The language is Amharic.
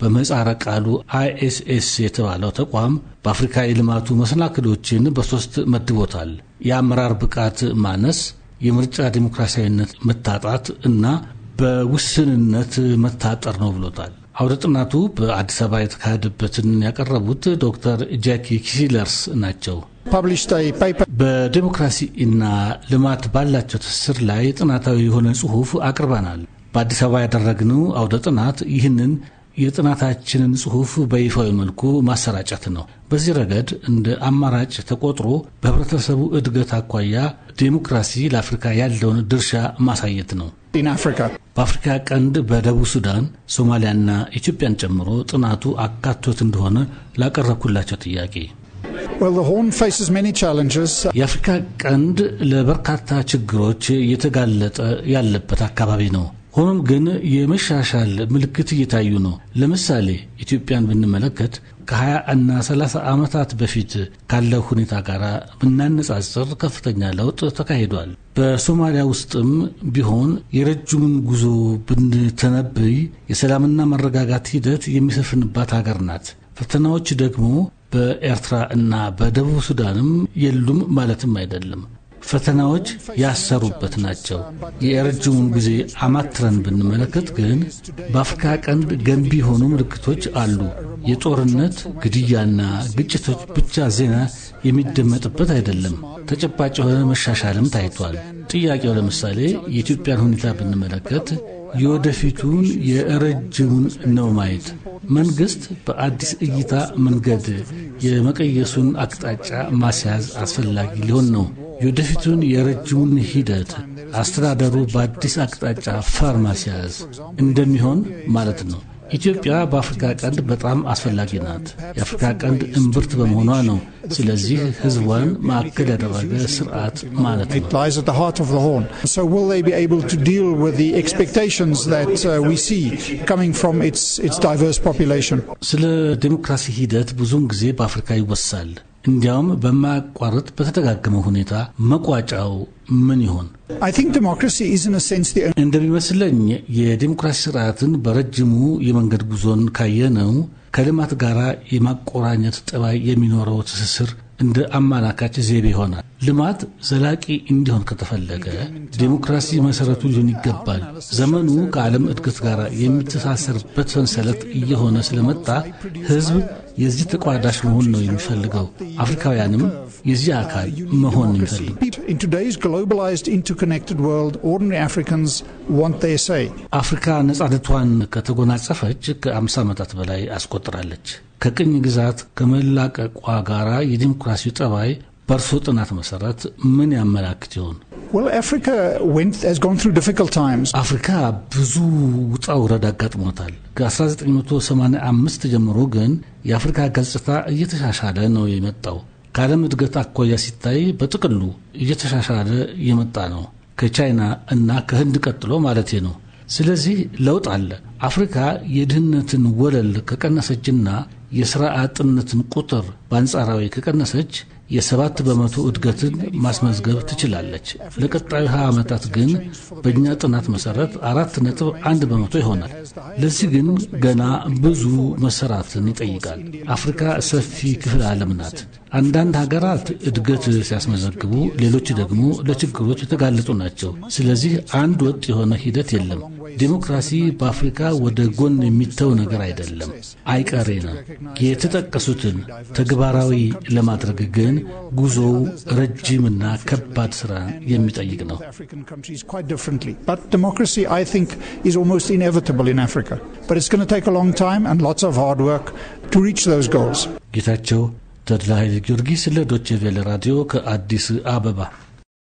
በመጻረ ቃሉ አይኤስኤስ የተባለው ተቋም በአፍሪካ የልማቱ መሰናክሎችን በሶስት መድቦታል። የአመራር ብቃት ማነስ፣ የምርጫ ዲሞክራሲያዊነት መታጣት እና በውስንነት መታጠር ነው ብሎታል። አውደ ጥናቱ በአዲስ አበባ የተካሄደበትን ያቀረቡት ዶክተር ጃኪ ኪሲለርስ ናቸው። በዴሞክራሲ እና ልማት ባላቸው ትስስር ላይ ጥናታዊ የሆነ ጽሑፍ አቅርበናል። በአዲስ አበባ ያደረግነው አውደ ጥናት ይህንን የጥናታችንን ጽሑፍ በይፋዊ መልኩ ማሰራጨት ነው። በዚህ ረገድ እንደ አማራጭ ተቆጥሮ በህብረተሰቡ እድገት አኳያ ዴሞክራሲ ለአፍሪካ ያለውን ድርሻ ማሳየት ነው። በአፍሪካ ቀንድ በደቡብ ሱዳን፣ ሶማሊያና ኢትዮጵያን ጨምሮ ጥናቱ አካቶት እንደሆነ ላቀረብኩላቸው ጥያቄ የአፍሪካ ቀንድ ለበርካታ ችግሮች እየተጋለጠ ያለበት አካባቢ ነው። ሆኖም ግን የመሻሻል ምልክት እየታዩ ነው። ለምሳሌ ኢትዮጵያን ብንመለከት ከ20 እና 30 ዓመታት በፊት ካለው ሁኔታ ጋር ብናነጻጽር ከፍተኛ ለውጥ ተካሂዷል። በሶማሊያ ውስጥም ቢሆን የረጅሙን ጉዞ ብንተነብይ የሰላምና መረጋጋት ሂደት የሚሰፍንባት ሀገር ናት። ፈተናዎች ደግሞ በኤርትራ እና በደቡብ ሱዳንም የሉም ማለትም አይደለም። ፈተናዎች ያሰሩበት ናቸው። የረጅሙን ጊዜ አማትረን ብንመለከት ግን በአፍሪካ ቀንድ ገንቢ የሆኑ ምልክቶች አሉ። የጦርነት ግድያና ግጭቶች ብቻ ዜና የሚደመጥበት አይደለም። ተጨባጭ የሆነ መሻሻልም ታይቷል። ጥያቄው ለምሳሌ የኢትዮጵያን ሁኔታ ብንመለከት የወደፊቱን የረጅሙን ነው ማየት። መንግስት በአዲስ እይታ መንገድ የመቀየሱን አቅጣጫ ማስያዝ አስፈላጊ ሊሆን ነው። የወደፊቱን የረጅሙን ሂደት አስተዳደሩ በአዲስ አቅጣጫ ፋርማሲያዝ እንደሚሆን ማለት ነው። ኢትዮጵያ በአፍሪካ ቀንድ በጣም አስፈላጊ ናት። የአፍሪካ ቀንድ እምብርት በመሆኗ ነው። ስለዚህ ሕዝቧን ማዕከል ያደረገ ስርዓት ማለት ነው። uh, ስለ ዴሞክራሲ ሂደት ብዙውን ጊዜ በአፍሪካ ይወሳል። እንዲያውም በማያቋርጥ በተደጋገመ ሁኔታ መቋጫው ምን ይሆን? እንደሚመስለኝ የዲሞክራሲ ስርዓትን በረጅሙ የመንገድ ጉዞን ካየነው ከልማት ጋር የማቆራኘት ጠባይ የሚኖረው ትስስር እንደ አማናካች ዘይቤ ይሆናል። ልማት ዘላቂ እንዲሆን ከተፈለገ ዴሞክራሲ መሰረቱ ሊሆን ይገባል። ዘመኑ ከዓለም እድገት ጋር የሚተሳሰርበት ሰንሰለት እየሆነ ስለመጣ ህዝብ የዚህ ተቋዳሽ መሆን ነው የሚፈልገው። አፍሪካውያንም የዚህ አካል መሆን የሚፈልግ አፍሪካ ነጻነቷን ከተጎናጸፈች ከ50 ዓመታት በላይ አስቆጥራለች። ከቅኝ ግዛት ከመላቀቋ ጋር የዲሞክራሲው ጠባይ በእርሶ ጥናት መሰረት ምን ያመላክት ይሆን? አፍሪካ ብዙ ውጣ ውረድ አጋጥሞታል። ከ1985 ጀምሮ ግን የአፍሪካ ገጽታ እየተሻሻለ ነው የመጣው። ከዓለም እድገት አኳያ ሲታይ በጥቅሉ እየተሻሻለ የመጣ ነው፣ ከቻይና እና ከህንድ ቀጥሎ ማለት ነው። ስለዚህ ለውጥ አለ። አፍሪካ የድህነትን ወለል ከቀነሰችና የሥራ አጥነትን ቁጥር በአንጻራዊ ከቀነሰች የሰባት በመቶ እድገትን ማስመዝገብ ትችላለች። ለቀጣዩ ሀያ ዓመታት ግን በእኛ ጥናት መሠረት አራት ነጥብ አንድ በመቶ ይሆናል። ለዚህ ግን ገና ብዙ መሰራትን ይጠይቃል። አፍሪካ ሰፊ ክፍል ዓለም ናት። አንዳንድ ሀገራት እድገት ሲያስመዘግቡ፣ ሌሎች ደግሞ ለችግሮች የተጋለጡ ናቸው። ስለዚህ አንድ ወጥ የሆነ ሂደት የለም። ዲሞክራሲ በአፍሪካ ወደ ጎን የሚተው ነገር አይደለም፣ አይቀሬ ነው። የተጠቀሱትን ተግባራዊ ለማድረግ ግን ጉዞው ረጅምና ከባድ ስራ የሚጠይቅ ነው። ጌታቸው ተድላ ኃይለ ጊዮርጊስ ለዶቼ ቬለ ራዲዮ ከአዲስ አበባ